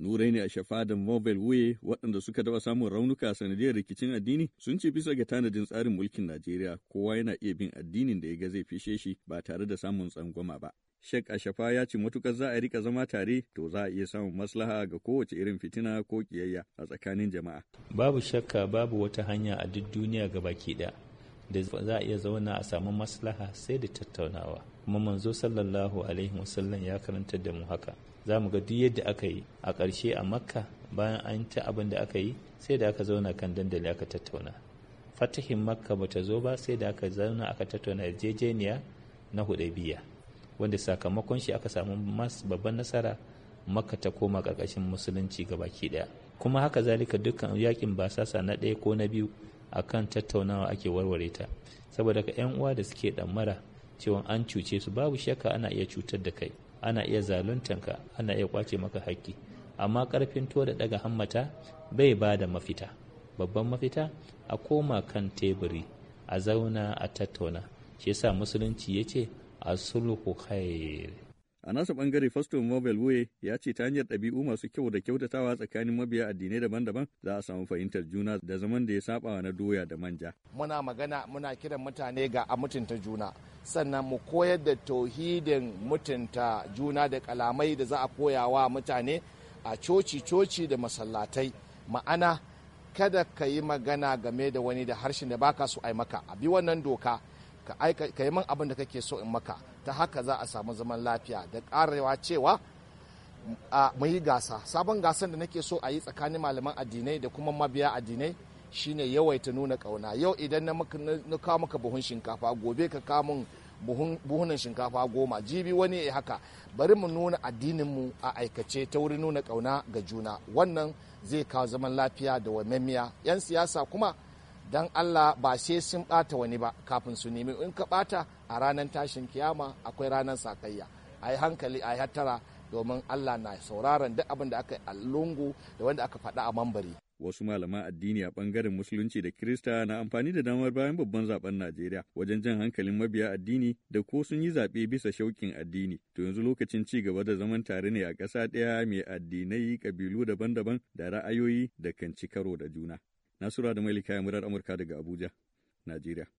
Nurai ne a shafa da mobile wuye waɗanda suka taɓa samun raunuka sanadiyar rikicin addini sun ce bisa ga tanadin tsarin mulkin Najeriya kowa yana iya bin addinin da ya ga zai fishe shi ba tare da samun tsangwama ba. a Ashafa ya ce matukar za a rika zama tare to za a iya samun maslaha ga kowace irin fitina ko kiyayya a tsakanin jama'a. Babu shakka babu wata hanya a duk duniya ga baki ɗaya da za a iya zauna a samu maslaha sai da tattaunawa kuma manzo sallallahu alaihi wasallam ya karanta da mu haka za mu ga duk yadda aka yi a ƙarshe a makka bayan an ta abin da aka yi sai da aka zauna kan dandali aka tattauna fatahin makka ba ta zo ba sai da aka zauna aka tattauna yarjejeniya na hudaibiya wanda sakamakon shi aka samu mas babban nasara makka ta koma ƙarƙashin musulunci gabaki ɗaya kuma haka zalika dukkan yakin basasa na ɗaya ko na biyu akan tattaunawa ake warware ta saboda ka yan uwa da suke ɗamara cewa an cuce su babu shakka ana iya cutar da kai ana iya zaluntanka ana iya kwace maka haƙƙi amma ƙarfin to da ɗaga hammata bai ba da mafita babban mafita a koma kan teburi a zauna a tattauna shi yasa musulunci ya ce a sulhu khair A nasa bangare Fasto Mobile Way ya ce ta hanyar ɗabi'u masu kyau da kyautatawa tsakanin mabiya addinai daban-daban za a samu fahimtar juna da zaman da ya saba na doya da manja. Muna magana muna kiran mutane ga a mutunta juna sannan mu koyar da tauhidin mutunta juna da kalamai da za a koya wa mutane a coci-coci da masallatai ma'ana kada ka yi magana game da wani da harshen da baka so ai maka a bi wannan doka ka aika yi min abin da kake so in maka ta haka za a samu zaman lafiya da karewa cewa a mu yi gasa sabon gasan da nake so a yi tsakanin malaman addinai da kuma mabiya addinai shine yawaita nuna kauna yau idan na kawo maka buhun shinkafa gobe ka kawo min buhunan shinkafa goma jibi wani ya haka bari mu nuna addininmu a aikace ta wurin nuna kauna ga juna wannan zai kawo zaman lafiya da wamemmiya 'yan siyasa kuma don Allah ba sai sun ɓata wani ba kafin su nemi in ka ɓata a ranar tashin kiyama akwai ranar sakayya a yi hankali a yi hattara domin Allah na sauraron duk abin da aka lungu da wanda aka faɗa a mambari. Wasu malaman addini a ɓangaren Musulunci da Kirista na amfani da damar bayan babban zaben Najeriya wajen jan hankalin mabiya addini da ko sun yi zaɓe bisa shauƙin addini. To yanzu lokacin ci gaba da zaman tare ne a ƙasa ɗaya mai addinai, ƙabilu daban-daban da ra'ayoyi da kan karo da juna. Nasura da mai ya murar Amurka daga Abuja, Najeriya.